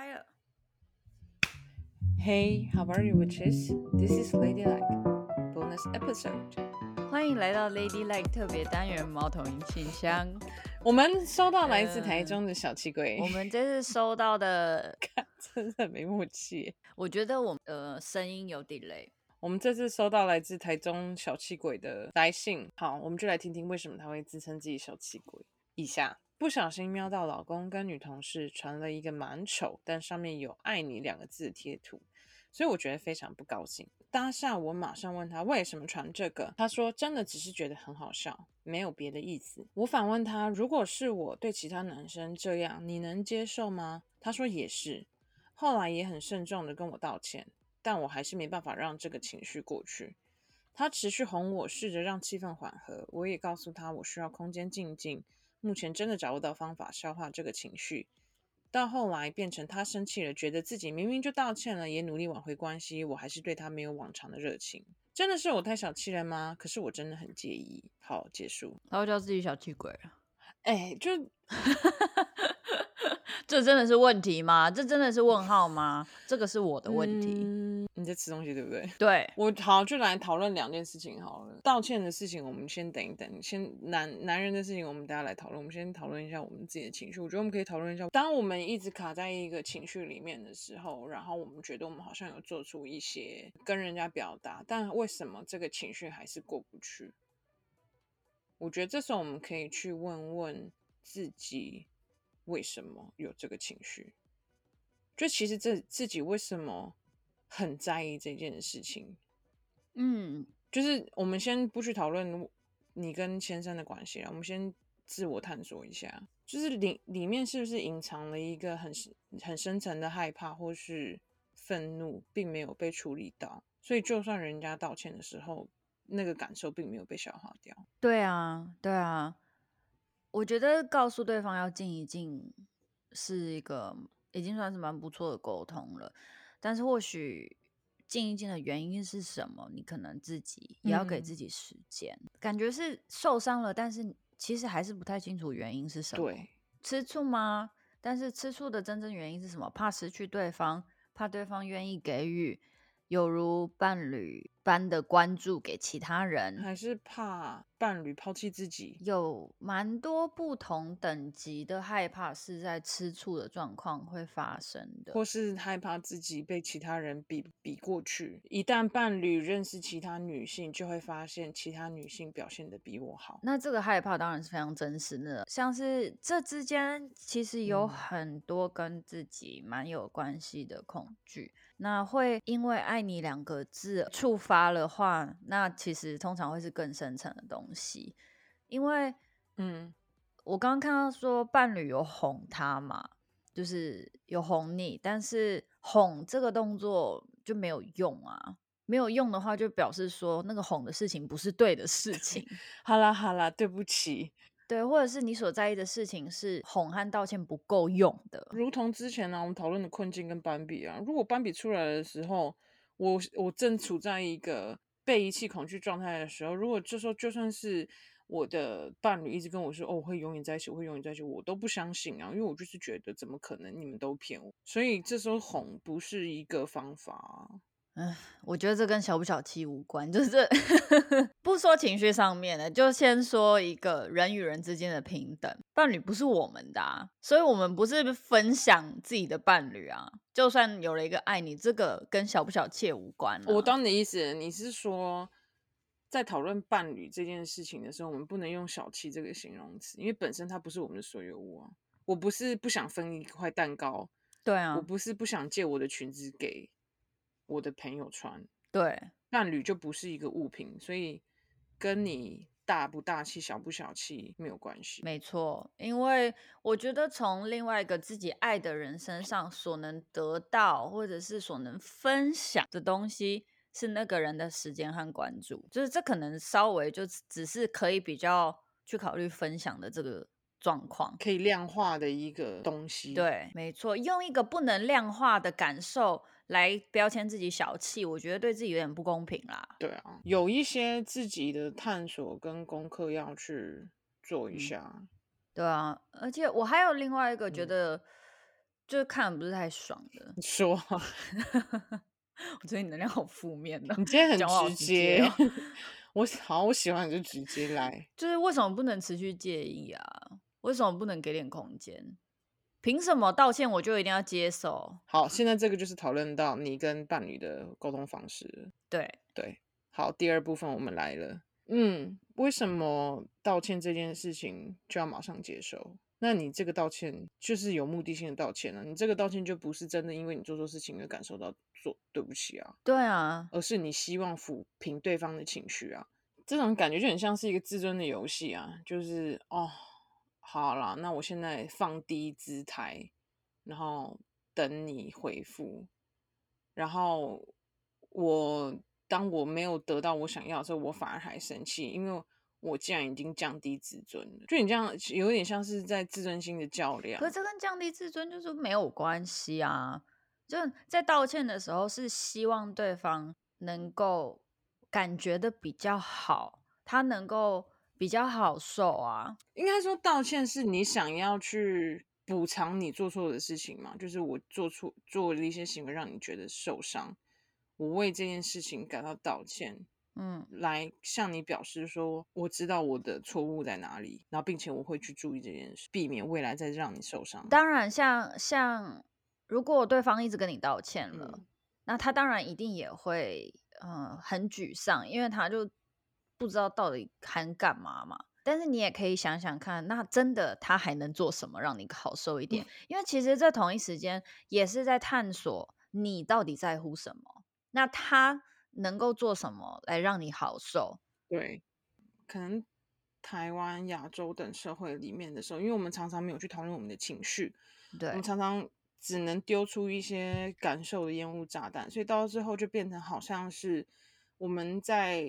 h、hey, 嗨，How are you, witches? This is Ladylike. Bonus episode. 歡迎來到 Ladylike 特別單元貓頭鷹信箱。 我們收到來自台中的小氣鬼。呃、我們這次收到的， 看，真的很沒默契。我覺得我們的、呃、聲音有 delay。我們這次收到來自台中小氣鬼的來信。好，我們就來聽聽為什麼他會自稱自己小氣鬼。以下。不小心瞄到老公跟女同事傳了一個蠻醜但上面有“愛你”兩個字貼圖，所以我覺得非常不高興。當下我馬上問他為什麼傳這個，他說真的只是覺得很好笑，沒有別的意思。我反問他，如果是我對其他男生這樣，你能接受嗎？他說也是。後來也很慎重的跟我道歉，但我還是沒辦法讓這個情緒過去。他持續哄我，試着讓氣氛緩和。我也告訴他我需要空間靜靜。目前真的找不到方法消化這個情緒，到後來變成他生氣了，覺得自己明明就道歉了，也努力挽回關係，我還是對他沒有往常的熱情。真的是我太小氣了嗎？可是我真的很介意。好，結束。他會叫自己小氣鬼。哎、欸，就。 這真的是問題嗎？這真的是問號嗎？這個是我的問題。嗯，你在吃東西對不對？對，我好就來討論兩件事情好了。道歉的事情我們先等一等，先男男人的事情我們大家來討論。我們先討論一下我們自己的情緒。我覺得我們可以討論一下，當我們一直卡在一個情緒裡面的時候，然後我們覺得我們好像有做出一些跟人家表達，但為什麼這個情緒還是過不去？我覺得這時候我們可以去問問自己。為什麼有這個情緒？就其實這自己為什麼很在意這件事情？嗯，就是我們先不去討論你跟先生的關係了，然後我們先自我探索一下，就是裡裡面是不是隱藏了一個很很深層的害怕或是憤怒，並沒有被處理到，所以就算人家道歉的時候，那個感受並沒有被消化掉。對啊，對啊。我覺得告訴對方要靜一靜是一個已經算是蠻不錯的溝通了，但是或許靜一靜的原因是什麼？你可能自己也要給自己時間。嗯，感覺是受傷了，但是其實還是不太清楚原因是什麼。對，吃醋嗎？但是吃醋的真正原因是什麼？怕失去對方，怕對方願意給予，有如伴侶般的關注給其他人，還是怕伴侶拋棄自己？有蠻多不同等級的害怕是在吃醋的狀況會發生的，或是害怕自己被其他人比比過去。一旦伴侶認識其他女性，就會發現其他女性表現得比我好。那這個害怕當然是非常真實的。像是這之間，其實有很多跟自己蠻有關係的恐懼、嗯。那會因為“愛你”兩個字觸發。發的話，那其實通常會是更深層的東西，因為，嗯，我剛剛看到說伴侶有哄他嘛，就是有哄你，但是哄這個動作就沒有用啊，沒有用的話，就表示說那個哄的事情不是對的事情。 好啦好啦，對不起，對，或者是你所在意的事情是哄和道歉不夠用的，如同之前呢、啊，我們討論的困境跟斑比啊，如果斑比出來的時候。我我正處在一個被遺棄恐懼狀態的時候，如果這時候就算是我的伴侶一直跟我說哦，我會永遠在一起，我會永遠在一起，我都不相信啊，因為我就是覺得怎麼可能？你們都騙我，所以這時候哄不是一個方法。嗯，我覺得這跟小不小氣無關，就是這，呵呵呵， 不說情緒上面的，就先說一個人與人之間的平等。伴侶不是我們的、啊，所以我們不是分享自己的伴侶啊。就算有了一個愛你，這個跟小不小氣無關、啊。我懂你的意思，你是說在討論伴侶這件事情的時候，我們不能用小氣這個形容詞，因為本身它不是我們的所有物啊。我不是不想分一塊蛋糕，對啊，我不是不想借我的裙子給。我的朋友穿對，伴侶就不是一個物品，所以跟你大不大氣、小不小氣沒有關係。沒錯，因為我覺得從另外一個自己愛的人身上所能得到或者是所能分享的東西，是那個人的時間和關注，就是這可能稍微就只是可以比較去考慮分享的這個狀況，可以量化的一個東西。對，沒錯，用一個不能量化的感受，來標籤自己小氣，我覺得對自己有點不公平啦。對啊，有一些自己的探索跟功課要去做一下。嗯、對啊，而且我還有另外一個覺得，就是看不是太爽的。嗯、你說， 我覺得你能量好負面的、啊、你今天很直接，好好直接啊、 我好我喜歡你就直接來。就是為什麼不能持續介意啊？為什麼不能給點空間？憑什麼道歉我就一定要接受？好，現在這個就是討論到你跟伴侶的溝通方式。對對，好，第二部分我們來了。嗯，為什麼道歉這件事情就要馬上接受？那你這個道歉就是有目的性的道歉了啊，你這個道歉就不是真的因為你做錯事情而感受到做對不起啊？對啊，而是你希望撫平對方的情緒啊，這種感覺就很像是一個自尊的遊戲啊，就是哦。好了，那我現在放低姿態，然後等你回覆。然後我，當我沒有得到我想要的時候，我反而還生氣，因為我既然已經降低自尊了，就你這樣有點像是在自尊心的較量。可這跟降低自尊就是沒有關係啊！就在道歉的時候，是希望對方能夠感覺的比較好，他能夠。比較好受啊，應該說道歉是你想要去補償你做錯的事情嘛，就是我做錯做了一些行為讓你覺得受傷，我為這件事情感到道歉，嗯，來向你表示說我知道我的錯誤在哪裡，然後並且我會去注意這件事，避免未來再讓你受傷。當然像，像像如果對方一直跟你道歉了，嗯、那他當然一定也會嗯、呃、很沮喪，因為他就。不知道到底還幹嘛嘛，但是你也可以想想看，那真的他還能做什麼讓你好受一點？嗯。因為其實，在同一時間也是在探索你到底在乎什麼？那他能夠做什麼來讓你好受？對，可能台灣、亞洲等社會裡面的時候，因為我們常常沒有去討論我們的情緒，對，我們常常只能丟出一些感受的煙霧炸彈，所以到最後就變成好像是我們在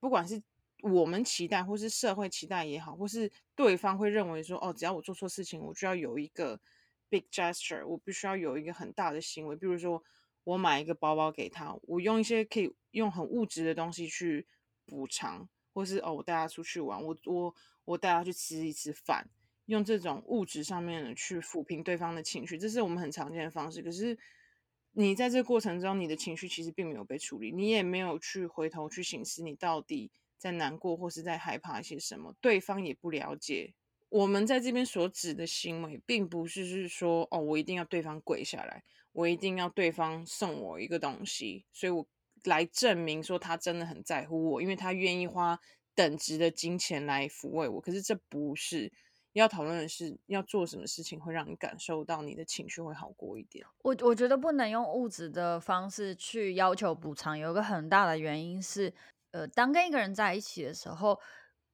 不管是。我們期待，或是社會期待也好，或是對方會認為說，哦，只要我做錯事情，我就要有一個 big gesture，我必須要有一個很大的行為，比如說我買一個包包給他，我用一些可以用很物質的東西去補償，或是哦，我帶他出去玩，我我我帶他去吃一次飯，用這種物質上面的去撫平對方的情緒，這是我們很常見的方式。可是你在這個過程中，你的情緒其實並沒有被處理，你也沒有去回頭去省思，你到底。在難過或是在害怕一些什麼，對方也不了解。我們在這邊所指的行為，並不是是說哦，我一定要對方跪下來，我一定要對方送我一個東西，所以我來證明說他真的很在乎我，因為他願意花等值的金錢來撫慰我。可是這不是，要討論的是要做什麼事情會讓你感受到你的情緒會好過一點。我我覺得不能用物質的方式去要求補償，有一個很大的原因是。呃，當跟一個人在一起的時候，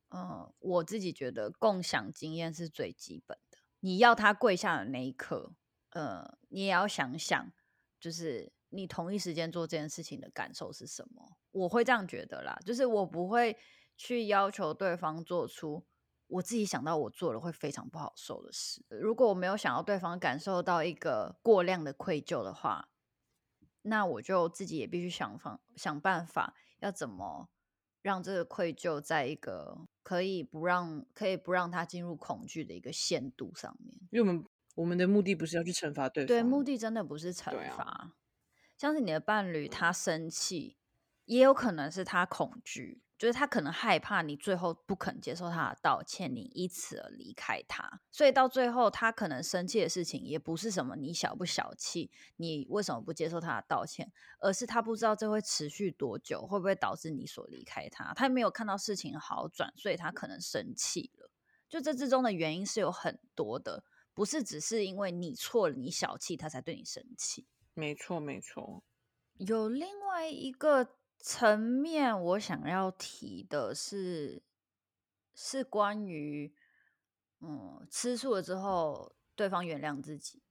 嗯、呃，我自己覺得共享經驗是最基本的。你要他跪下的那一刻，呃，你也要想想，就是你同一時間做這件事情的感受是什麼。我會這樣覺得啦，就是我不會去要求對方做出我自己想到我做了會非常不好受的事。呃、如果我沒有想要對方感受到一個過量的愧疚的話，那我就自己也必須想方想辦法。要怎麼讓這個愧疚在一個可以不讓、可以不讓他進入恐懼的一個限度上面？因為我們我們的目的不是要去懲罰對方，對，目的真的不是懲罰、啊。像是你的伴侶，他生氣，也有可能是他恐懼。就是他可能害怕你最後不肯接受他的道歉，你因此而離開他，所以到最後他可能生氣的事情，也不是什麼你小不小氣，你為什麼不接受他的道歉，而是他不知道這會持續多久，會不會導致你所離開他，他沒有看到事情好轉，所以他可能生氣了。就這之中的原因是有很多的，不是只是因為你錯了、你小氣，他才對你生氣。沒錯，沒錯，有另外一個。層面，我想要提的是，是關於，嗯，吃醋了之後，對方原諒自己，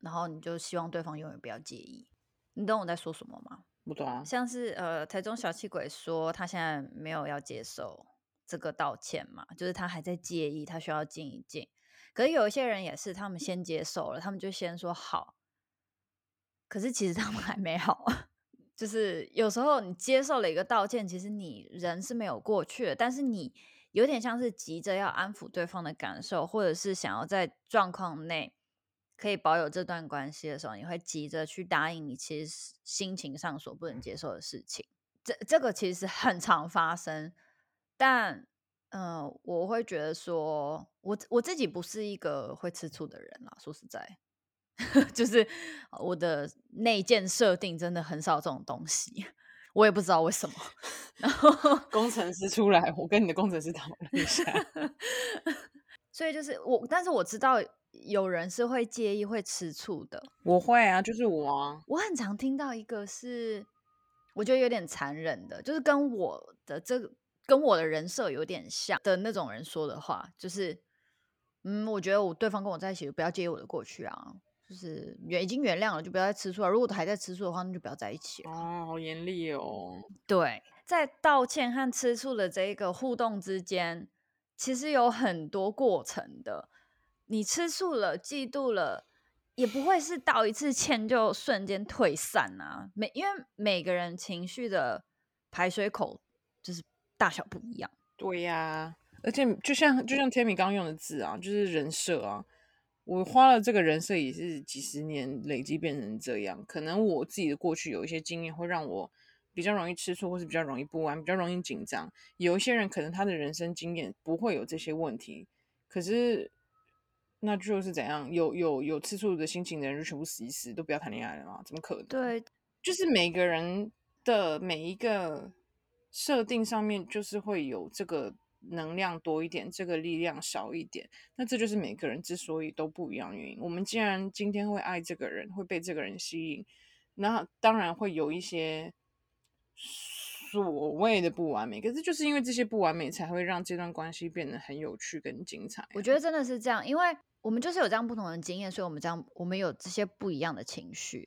然後你就希望對方永遠不要介意。你懂我在說什麼嗎？不懂啊。像是呃，台中小氣鬼說他現在沒有要接受這個道歉嘛，就是他還在介意，他需要靜一靜。可是有一些人也是，他們先接受了，他們就先說好，可是其實他們還沒好。就是有時候你接受了一個道歉，其實你人是沒有過去的，但是你有點像是急着要安撫對方的感受，或者是想要在狀況內可以保有這段關係的時候，你會急着去答應你其實心情上所不能接受的事情。這這個其實很常發生，但嗯、呃，我會覺得說我我自己不是一個會吃醋的人啦，說實在。 就是我的內建設定真的很少這種東西，我也不知道為什麼。然後工程師出來，我跟你的工程師討論一下。所以就是我，但是我知道有人是會介意、會吃醋的。我會啊，就是我，我很常聽到一個是我覺得有點殘忍的，就是跟我的這個跟我的人設有點像的那種人說的話，就是嗯，我覺得我對方跟我在一起不要介意我的過去啊。就是原已經原諒了，就不要再吃醋了。如果還在吃醋的話，那就不要在一起了。哦，好嚴厲哦。對，在道歉和吃醋的這一個互動之間，其實有很多過程的。你吃醋了、嫉妒了，也不會是道一次歉就瞬間退散啊。每因為每個人情緒的排水口就是大小不一樣。對呀、啊，而且就像就像 Tammy 剛剛用的字啊，就是人設啊。我花了這個人設也是幾十年累積變成這樣，可能我自己的過去有一些經驗，會讓我比較容易吃醋，或是比較容易不安，比較容易緊張。有一些人可能他的人生經驗不會有這些問題，可是那就是怎樣？有有有吃醋的心情的人，就全部死一死，都不要談戀愛了嘛？怎麼可能？對，就是每個人的每一個設定上面，就是會有這個。能量多一點，這個力量少一點，那這就是每個人之所以都不一樣的原因。我們既然今天會愛這個人，會被這個人吸引，那當然會有一些所謂的不完美，可是就是因為這些不完美，才會讓這段關係變得很有趣跟精彩啊。我覺得真的是這樣，因為我們就是有這樣不同的經驗，所以我們這樣，我們有這些不一樣的情緒。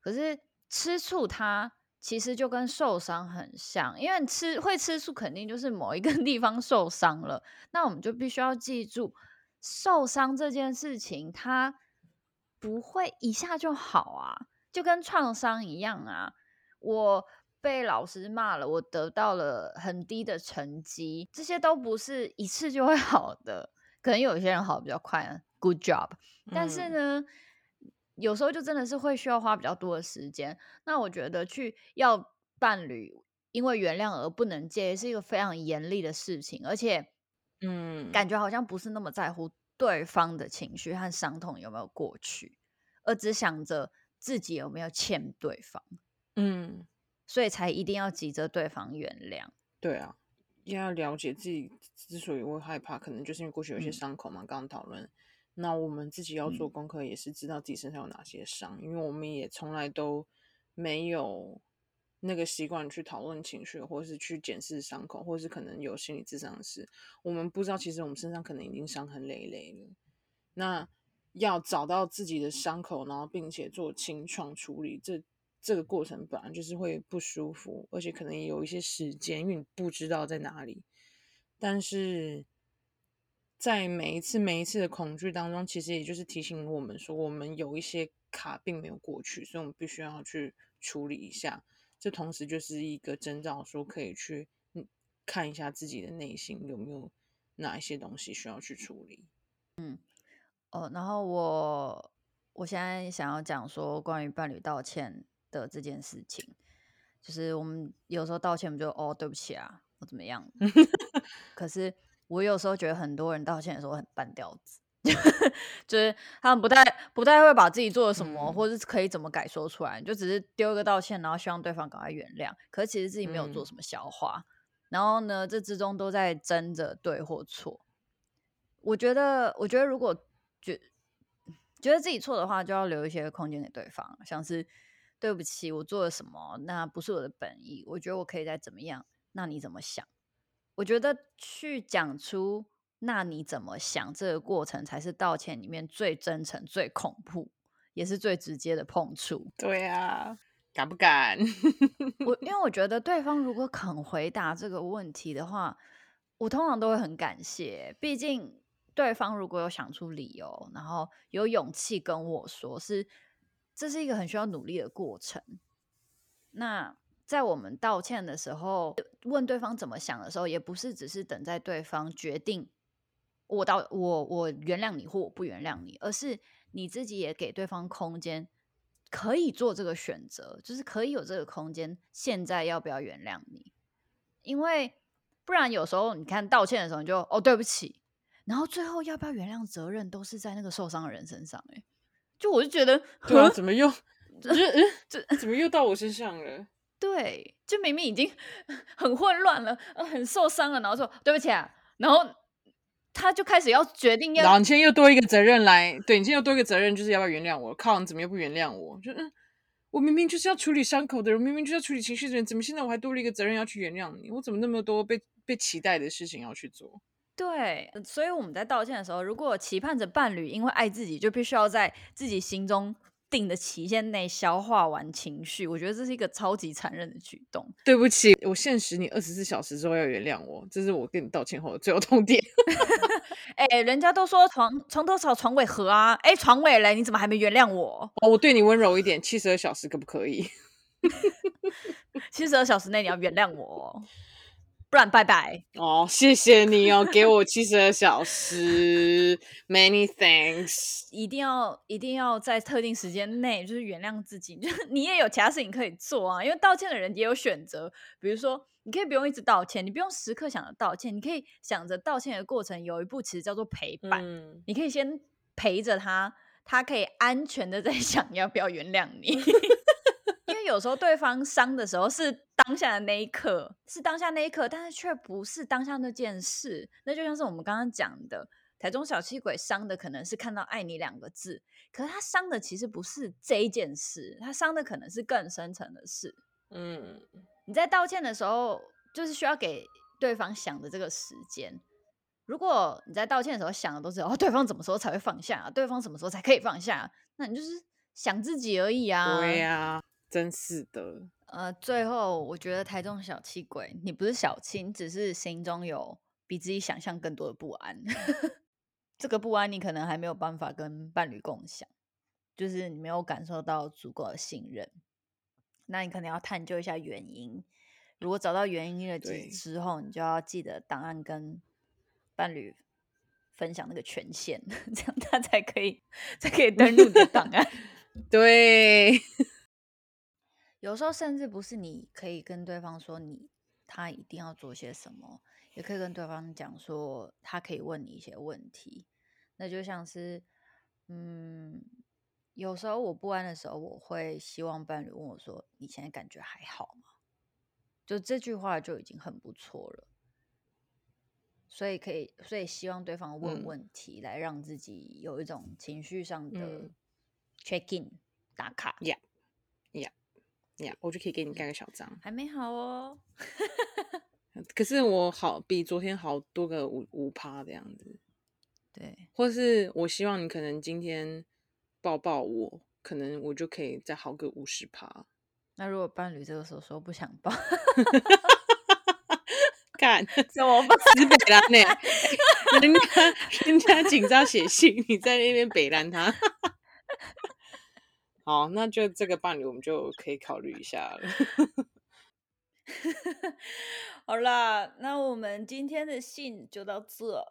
可是吃醋他。其實就跟受傷很像，因為吃會吃醋，肯定就是某一個地方受傷了。那我們就必須要記住，受傷這件事情它不會一下就好啊，就跟創傷一樣啊。我被老師罵了，我得到了很低的成績，這些都不是一次就會好的。可能有些人好得比較快啊，Good job。嗯。但是呢，有時候就真的是會需要花比較多的時間。那我覺得去要伴侶因為原諒而不能戒，是一個非常嚴厲的事情，而且，嗯，感覺好像不是那麼在乎對方的情緒和傷痛有沒有過去，而只想着自己有沒有欠對方。嗯，所以才一定要急着對方原諒。對啊，要了解自己之所以會害怕，可能就是因為過去有些傷口嘛。剛剛討論。剛剛那我們自己要做功課，也是知道自己身上有哪些傷、嗯，因為我們也從來都沒有那個習慣去討論情緒，或者是去檢視傷口，或者是可能有心理諮商的事。我們不知道，其實我們身上可能已經傷痕累累了。那要找到自己的傷口，然後並且做清創處理，這這個過程本來就是會不舒服，而且可能也有一些時間，因為你不知道在哪裡，但是。在每一次每一次的恐懼當中，其實也就是提醒我們說，我們有一些卡並沒有過去，所以我們必須要去處理一下。這同時就是一個徵兆，說可以去看一下自己的內心有沒有哪一些東西需要去處理。嗯、哦、呃，然後我我現在想要講說關於伴侶道歉的這件事情，就是我們有時候道歉，我們就哦對不起啊，我怎麼樣， 可是。我有時候覺得很多人道歉的時候很半吊子， 就是他們不太不太會把自己做了什麼、嗯，或是可以怎麼改說出來，就只是丟個道歉，然後希望對方趕快原諒。可是其實自己沒有做什麼消化、嗯，然後呢，這之中都在爭着對或錯。我覺得，我覺得如果覺得覺得自己錯的話，就要留一些空間給對方，像是對不起，我做了什麼，那不是我的本意。我覺得我可以再怎麼樣，那你怎麼想？我覺得去講出那你怎麼想這個過程，才是道歉裡面最真誠、最恐怖，也是最直接的碰觸。對啊，敢不敢？ 我因為我覺得對方如果肯回答這個問題的話，我通常都會很感謝。畢竟對方如果有想出理由，然後有勇氣跟我說，是這是一個很需要努力的過程。那在我們道歉的時候。問對方怎麼想的時候，也不是只是等在對方決定我到我我原諒你或我不原諒你，而是你自己也給對方空間，可以做這個選擇，就是可以有這個空間，現在要不要原諒你？因為不然有時候你看道歉的時候，你就哦對不起，然後最後要不要原諒，責任都是在那個受傷的人身上。欸。誒。就我就覺得，對啊，怎麼又是 嗯，這怎麼又到我身上了？對。就明明已經很混亂了，很受傷了，然後說對不起啊，然後他就開始要決定要，然後你今天又多一個責任來，對，你今天又多一個責任，就是要不要原諒我？靠，你怎麼又不原諒我？就嗯，我明明就是要處理傷口的人，明明就是要處理情緒的人，怎麼現在我還多了一個責任要去原諒你？我怎麼那麼多被被期待的事情要去做？對，所以我們在道歉的時候，如果期盼着伴侶因為愛自己，就必須要在自己心中，定的期限內消化完情緒，我覺得這是一個超級殘忍的舉動。對不起，我限時你二十四小時之後要原諒我，這是我跟你道歉後的最後通牒。哎、 欸，人家都說床床頭吵、啊欸，床尾和啊，哎，床尾嘞，你怎麼還沒原諒我？哦，我對你溫柔一點，七十二小時可不可以？七十二小時內你要原諒我。不然拜拜哦，謝謝你哦， 給我七十二小時。 Many thanks，一定要一定要在特定時間內，就是原諒自己，就是你也有其他事情可以做啊，因為道歉的人也有選擇，比如說你可以不用一直道歉，你不用時刻想着道歉，你可以想着道歉的過程有一步其實叫做陪伴，嗯、你可以先陪着他，他可以安全的在想要不要原諒你。 有時候對方傷的時候是當下的那一刻，是當下那一刻，但是卻不是當下那件事。那就像是我們剛剛講的，台中小氣鬼傷的可能是看到“愛你”兩個字，可是他傷的其實不是這一件事，他傷的可能是更深層的事。嗯，你在道歉的時候，就是需要給對方想的這個時間。如果你在道歉的時候想的都是“哦，對方什麼時候才會放下啊？對方什麼時候才可以放下啊？”那你就是想自己而已啊。對啊。真是的，呃，最後我覺得台中小氣鬼，你不是小氣，你只是心中有比自己想象更多的不安。 這個不安你可能還沒有辦法跟伴侶共享，就是你沒有感受到足夠的信任。那你可能要探究一下原因。如果找到原因了之之後，你就要記得檔案跟伴侶分享那個權限，這樣他才可以才可以登錄你的檔案。 對。有時候甚至不是你可以跟對方說你他一定要做些什麼，也可以跟對方講說他可以問你一些問題。那就像是，嗯，有時候我不安的時候，我會希望伴侶問我說：“你現在感覺還好嗎？”就這句話就已經很不錯了。所以可以，所以希望對方問問題來讓自己有一種情緒上的 check in 打卡。Yeah. Yeah, 我就可以給你蓋個小章。還沒好哦， 可是我好比昨天好多個五五趴這樣子。對，或是我希望你可能今天抱抱我，可能我就可以再好個五十趴。那如果伴侶這個時候說不想抱， 看，怎麼辦？死北蘭欸？ 人家人家緊張寫信，你在那邊北蘭他。好，那就這個伴侶我們就可以考慮一下了。 好啦，那我們今天的信就到這，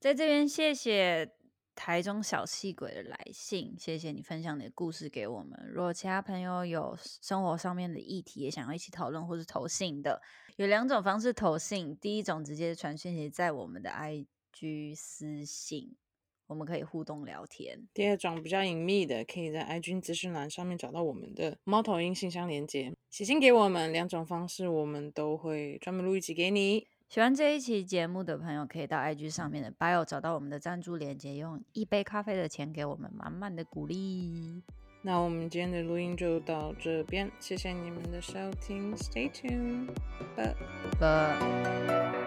在這邊謝謝台中小氣鬼的來信，謝謝你分享你的故事給我們。如果其他朋友有生活上面的議題也想要一起討論或是投信的，有兩種方式投信，第一種直接傳訊息在我們的 IG 私信。我們可以互動聊天。第二種比較隱秘的，可以在 IG 資訊欄上面找到我們的貓頭鷹信箱連結，寫信給我們。兩種方式，我們都會專門錄一集給你。喜歡這一期節目的朋友，可以到 IG 上面的 bio 找到我們的贊助鏈接，用一杯咖啡的錢給我們滿滿的鼓勵。那我們今天的錄音就到這邊，謝謝你們的收聽，Stay tuned，拜拜。